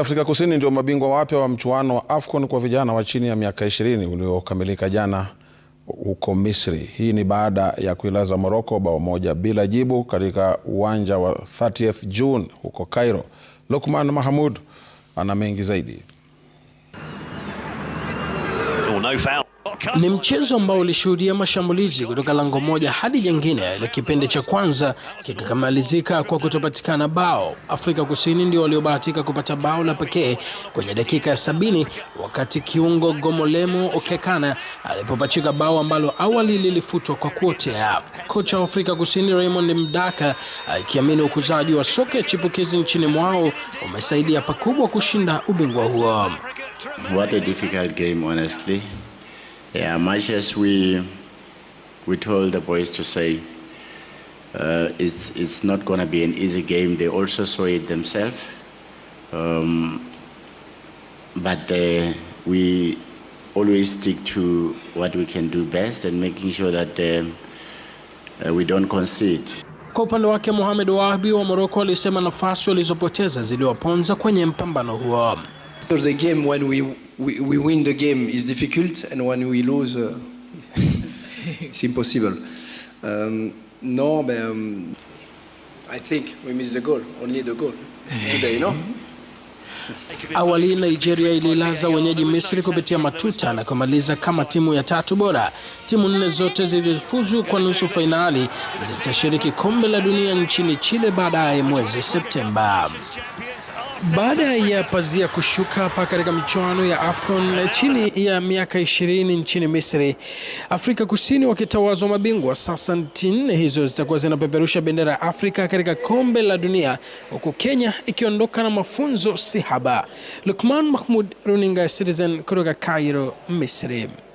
Afrika Kusini ndio mabingwa wapya wa mchuano wa AFCON kwa vijana wa chini ya miaka 20 uliokamilika jana huko Misri. Hii ni baada ya kuilaza Morocco bao moja bila jibu katika uwanja wa 30th June huko Cairo. Lukman Mahamud ana mengi zaidi. Oh, no foul. Ni mchezo ambao ulishuhudia mashambulizi kutoka lango moja hadi jingine, ile kipindi cha kwanza kikakamalizika kwa kutopatikana bao. Afrika Kusini ndio waliobahatika kupata bao la pekee kwenye dakika ya sabini wakati kiungo Gomolemo Okekana alipopachika bao ambalo awali lilifutwa kwa kuotea. Kocha wa Afrika Kusini Raymond Mdaka akiamini ukuzaji wa soka ya chipukizi nchini mwao umesaidia pakubwa kushinda ubingwa huo. What a difficult game honestly. Yeah, much as we we told the boys to say, uh, it's it's not going to be an easy game. They also saw it themselves, um, but uh, we always stick to what we can do best and making sure that uh, uh we don't concede. Kwa upande wake Mohamed Wahbi wa Morocco alisema nafasi walizopoteza ziliwaponza kwenye mpambano huo. The game when we we, we win the game is difficult, and when we lose, uh, it's impossible. Um, no, but um, I think we missed the goal, only the goal today, you know? Awali Nigeria ililaza wenyeji Misri kupitia matuta na kumaliza kama timu ya tatu bora. Timu nne zote zilizofuzu kwa nusu fainali zitashiriki kombe la dunia nchini Chile baadaye mwezi Septemba. Baada ya pazia kushuka hapa katika michuano ya AFCON eh, chini ya miaka ishirini nchini Misri, Afrika Kusini wakitawazwa mabingwa. Sasa nchi hizo zitakuwa zinapeperusha bendera ya Afrika katika kombe la dunia, huku Kenya ikiondoka na mafunzo si haba. Lukman Mahmud, runinga Citizen kutoka Cairo, Misri.